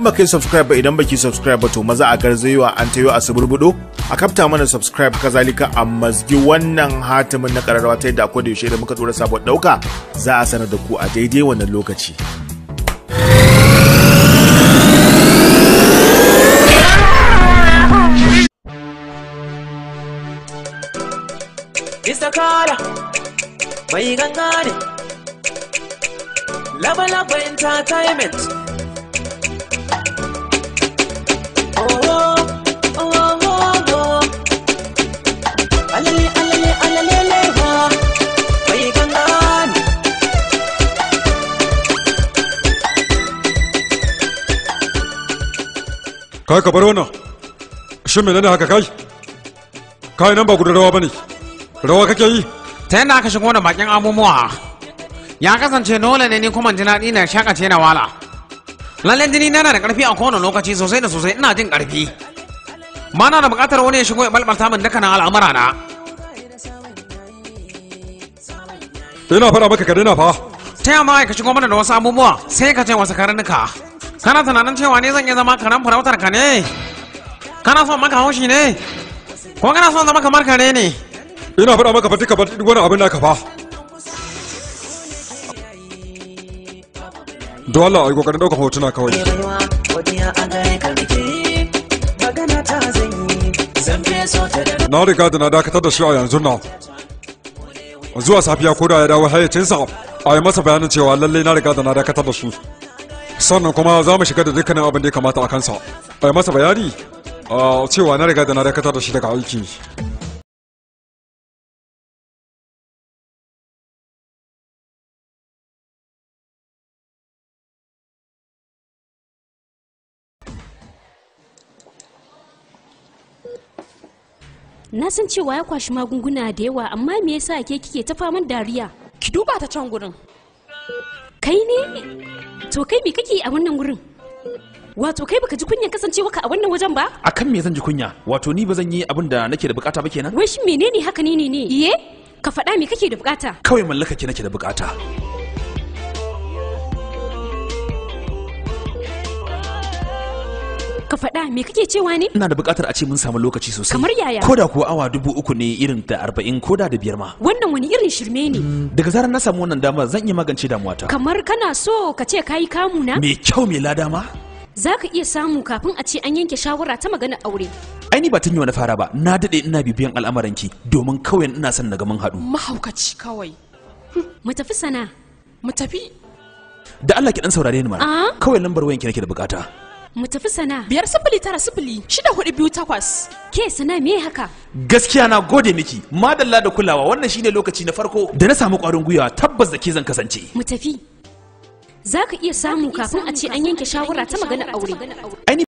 ba baka yi subscribe ba idan baki subscribe ba to maza a garzayewa an tayo a suburbudo a kafta mana subscribe kazalika a mazgi wannan hatimin na kararrawa ta yadda akwai da yaushe da muka tura sabo dauka za a sanar da ku a daidai wannan lokaci. Isa kara bai gangare, laba-labain entertainment. kai ka bar wannan shin menene haka kai kai nan ba gudu rawa bane rawa kake yi ta yadda aka shigo da bakin abubuwa ya kasance dole ne ni kuma ji daɗi na shakace na wala lallai jini na da ƙarfi a kowane lokaci sosai da sosai ina jin ƙarfi ba na da buƙatar wani ya shigo ya balbalta min dukkanin al'amura na ina fara maka ka daina fa ta yamma ka shigo mana da wasu abubuwa sai ka ce wasu karnuka kana tunanin cewa ne zan iya zama karen farautar ka ne kana son maka haushi ne ko kana son zama kamar kare ne ina faɗa maka ba duk wani abin naka fa dole Allah yi kokarin ɗaukar hotuna kawai na riga da na dakatar da shi a yanzu nan zuwa safiya ko da ya dawo hayyacinsa a yi masa bayanin cewa lallai na riga da na dakatar da su sannan kuma za mu shiga da dukkanin abin da ya kamata a kansa a yi masa bayani cewa na riga da na dakatar da shi daga aiki na san cewa ya kwashi magunguna da yawa amma me yasa ke kike ta faman dariya ki duba ta can gurin kai ne To kai me kake a wannan wurin? Wato kai baka ji kunyan kasancewa ka a wannan wajen ba? Akan me zan ji kunya? Wato ni ba zan yi abin da nake da bukata ba kenan? Wai shin menene haka ne ne ne? Iye? Ka faɗa me kake da bukata? Kawai mallaka ke nake da bukata. ka faɗa me kake cewa ne ina da buƙatar a ce mun samu lokaci sosai kamar yaya koda kuwa awa dubu uku ne irin da arba'in koda da biyar ma wannan wani irin shirme ne mm, daga zarar na samu wannan dama zan iya magance damuwata kamar kana so ka ce kayi kamu na me kyau me lada ma za ka iya samu kafin a ce an yanke shawara ta maganar aure aini ba tun yi wani fara ba na daɗe ina bibiyan al'amuranki domin kawai ina son na mun haɗu mahaukaci kawai hm, mu tafi sana mu tafi da Allah ki dan saurare ni ma ah? kawai lambar wayanki nake da bukata mu tafi sana biyar sifili tara sifili shida hudu biyu takwas ke sana me haka gaskiya na gode miki madalla da kulawa wannan shine lokaci na farko da na samu kwarin gwiwa tabbas da ke zan kasance mu tafi za ka iya samu kafin a ce an yanke shawara ta maganar aure